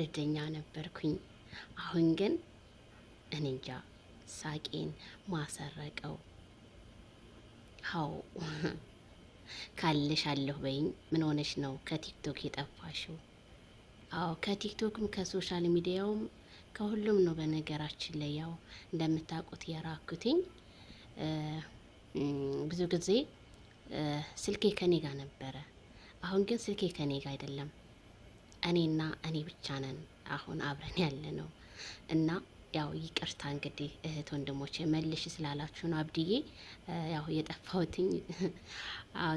እርደኛ ነበርኩኝ። አሁን ግን እንጃ ሳቄን ማሰረቀው። ሀው ካልሽ አለሁ በይኝ። ምን ሆነሽ ነው ከቲክቶክ የጠፋሽው? አዎ ከቲክቶክም ከሶሻል ሚዲያውም ከሁሉም ነው። በነገራችን ላይ ያው እንደምታውቁት የራኩትኝ ብዙ ጊዜ ስልኬ ከኔ ጋር ነበረ። አሁን ግን ስልኬ ከኔ ጋር አይደለም። እኔና እኔ ብቻ ነን አሁን አብረን ያለ ነው እና ያው ይቅርታ እንግዲህ እህት ወንድሞች መልሽ ስላላችሁ ነው አብድዬ ያው የጠፋሁትኝ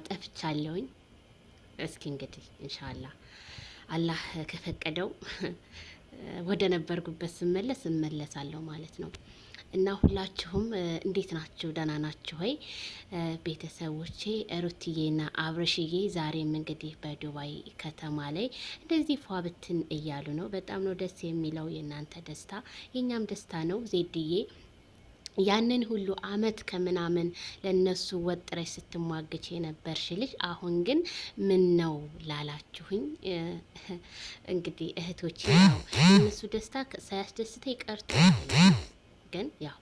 ጠፍቻለሁኝ። እስኪ እንግዲህ እንሻላ አላህ ከፈቀደው ወደ ነበርኩበት ስመለስ እመለሳለሁ ማለት ነው። እና ሁላችሁም እንዴት ናችሁ? ደህና ናችሁ ወይ ቤተሰቦቼ? ሩትዬና አብረሽዬ ዛሬም እንግዲህ በዱባይ ከተማ ላይ እንደዚህ ፏብትን እያሉ ነው። በጣም ነው ደስ የሚለው። የእናንተ ደስታ የእኛም ደስታ ነው። ዜድዬ ያንን ሁሉ አመት ከምናምን ለነሱ ወጥረሽ ስትሟገች የነበርሽ ልጅ አሁን ግን ምን ነው ላላችሁኝ፣ እንግዲህ እህቶች ነው እነሱ ደስታ ሳያስደስተ ይቀርጡ ግን ያው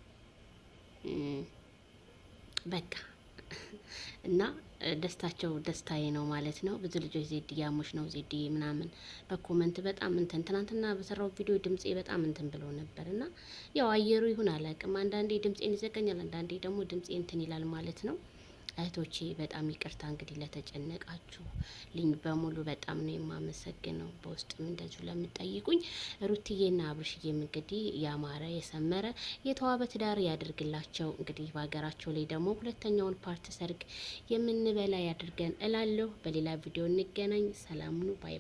በቃ እና ደስታቸው ደስታዬ ነው ማለት ነው። ብዙ ልጆች ዜድ ያሞች ነው ዜድ ምናምን በኮመንት በጣም እንትን ትናንትና በሰራው ቪዲዮ ድምፄ በጣም እንትን ብሎ ነበር እና ያው አየሩ ይሁን አላውቅም። አንዳንዴ ድምፄን ይዘገኛል፣ አንዳንዴ ደግሞ ድምፄ እንትን ይላል ማለት ነው። እህቶቼ በጣም ይቅርታ እንግዲህ ለተጨነቃችሁ ልኝ በሙሉ በጣም ነው የማመሰግነው። በውስጥም እንደዚሁ ለምጠይቁኝ ሩትዬና አብርሽዬም እንግዲህ ያማረ የሰመረ የተዋበ ትዳር ያድርግላቸው። እንግዲህ በሀገራቸው ላይ ደግሞ ሁለተኛውን ፓርት ሰርግ የምንበላ ያድርገን እላለሁ። በሌላ ቪዲዮ እንገናኝ። ሰላም ባይ